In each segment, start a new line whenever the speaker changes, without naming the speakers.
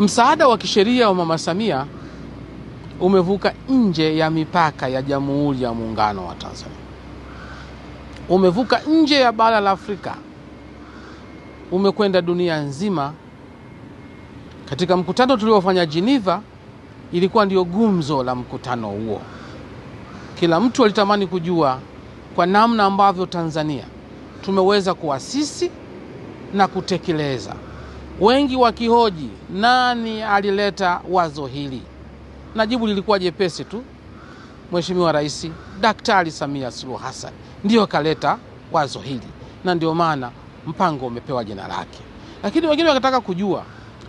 Msaada wa kisheria wa Mama Samia umevuka nje ya mipaka ya Jamhuri ya Muungano wa Tanzania, umevuka nje ya bara la Afrika, umekwenda dunia nzima. Katika mkutano tuliofanya Geneva, ilikuwa ndio gumzo la mkutano huo. Kila mtu alitamani kujua kwa namna ambavyo Tanzania tumeweza kuasisi na kutekeleza wengi wakihoji nani alileta wazo hili, na jibu lilikuwa jepesi tu, Mheshimiwa Rais Daktari Samia Suluhu hasan ndiyo kaleta wazo hili, na ndio maana mpango umepewa jina lake. Lakini wengine wakataka kujua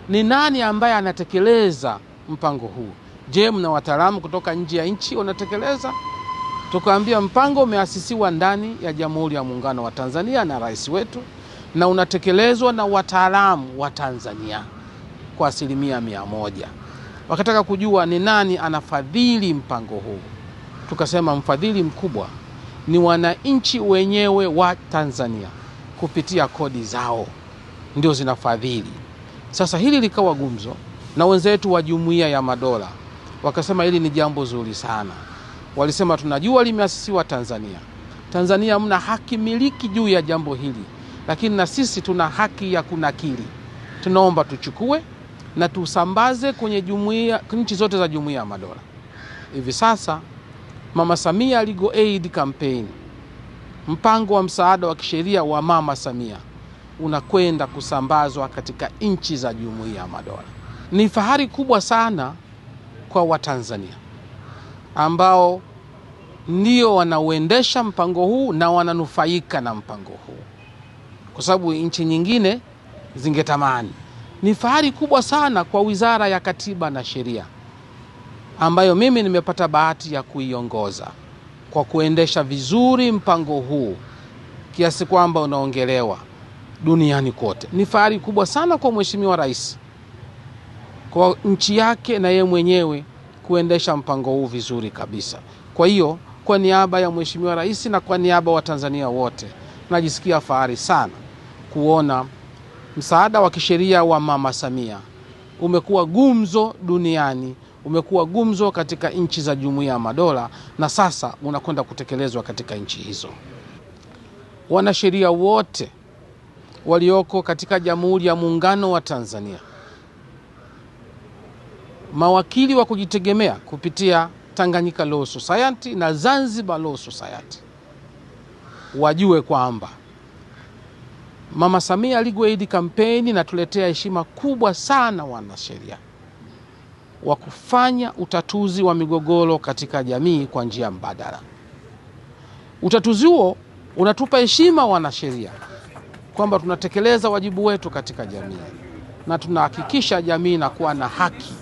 ni nani ambaye anatekeleza mpango huu. Je, mna wataalamu kutoka nje ya nchi wanatekeleza? Tukaambia mpango umeasisiwa ndani ya Jamhuri ya Muungano wa Tanzania na rais wetu na unatekelezwa na wataalamu wa Tanzania kwa asilimia mia moja. Wakataka kujua ni nani anafadhili mpango huu, tukasema mfadhili mkubwa ni wananchi wenyewe wa Tanzania kupitia kodi zao ndio zinafadhili. Sasa hili likawa gumzo, na wenzetu wa Jumuiya ya Madola wakasema hili ni jambo zuri sana. Walisema tunajua limeasisiwa Tanzania, Tanzania mna haki miliki juu ya jambo hili lakini na sisi tuna haki ya kunakili. Tunaomba tuchukue na tusambaze kwenye jumuiya, nchi zote za jumuiya ya madola. Hivi sasa Mama Samia Legal Aid Campaign, mpango wa msaada wa kisheria wa Mama Samia unakwenda kusambazwa katika nchi za jumuiya ya madola. Ni fahari kubwa sana kwa Watanzania ambao ndio wanauendesha mpango huu na wananufaika na mpango huu kwa sababu nchi nyingine zingetamani. Ni fahari kubwa sana kwa Wizara ya Katiba na Sheria ambayo mimi nimepata bahati ya kuiongoza kwa kuendesha vizuri mpango huu kiasi kwamba unaongelewa duniani kote. Ni fahari kubwa sana kwa Mheshimiwa Rais, kwa nchi yake na yeye mwenyewe kuendesha mpango huu vizuri kabisa. Kwa hiyo, kwa niaba ya Mheshimiwa Rais na kwa niaba wa Tanzania wote najisikia fahari sana kuona msaada wa kisheria wa Mama Samia umekuwa gumzo duniani, umekuwa gumzo katika nchi za Jumuiya ya Madola na sasa unakwenda kutekelezwa katika nchi hizo. Wanasheria wote walioko katika Jamhuri ya Muungano wa Tanzania, mawakili wa kujitegemea kupitia Tanganyika Law Society na Zanzibar Law Society, wajue kwamba Mama Samia Legal kampeni inatuletea heshima kubwa sana wanasheria wa kufanya utatuzi wa migogoro katika jamii kwa njia mbadala. Utatuzi huo unatupa heshima wanasheria kwamba tunatekeleza wajibu wetu katika jamii na tunahakikisha jamii inakuwa na haki.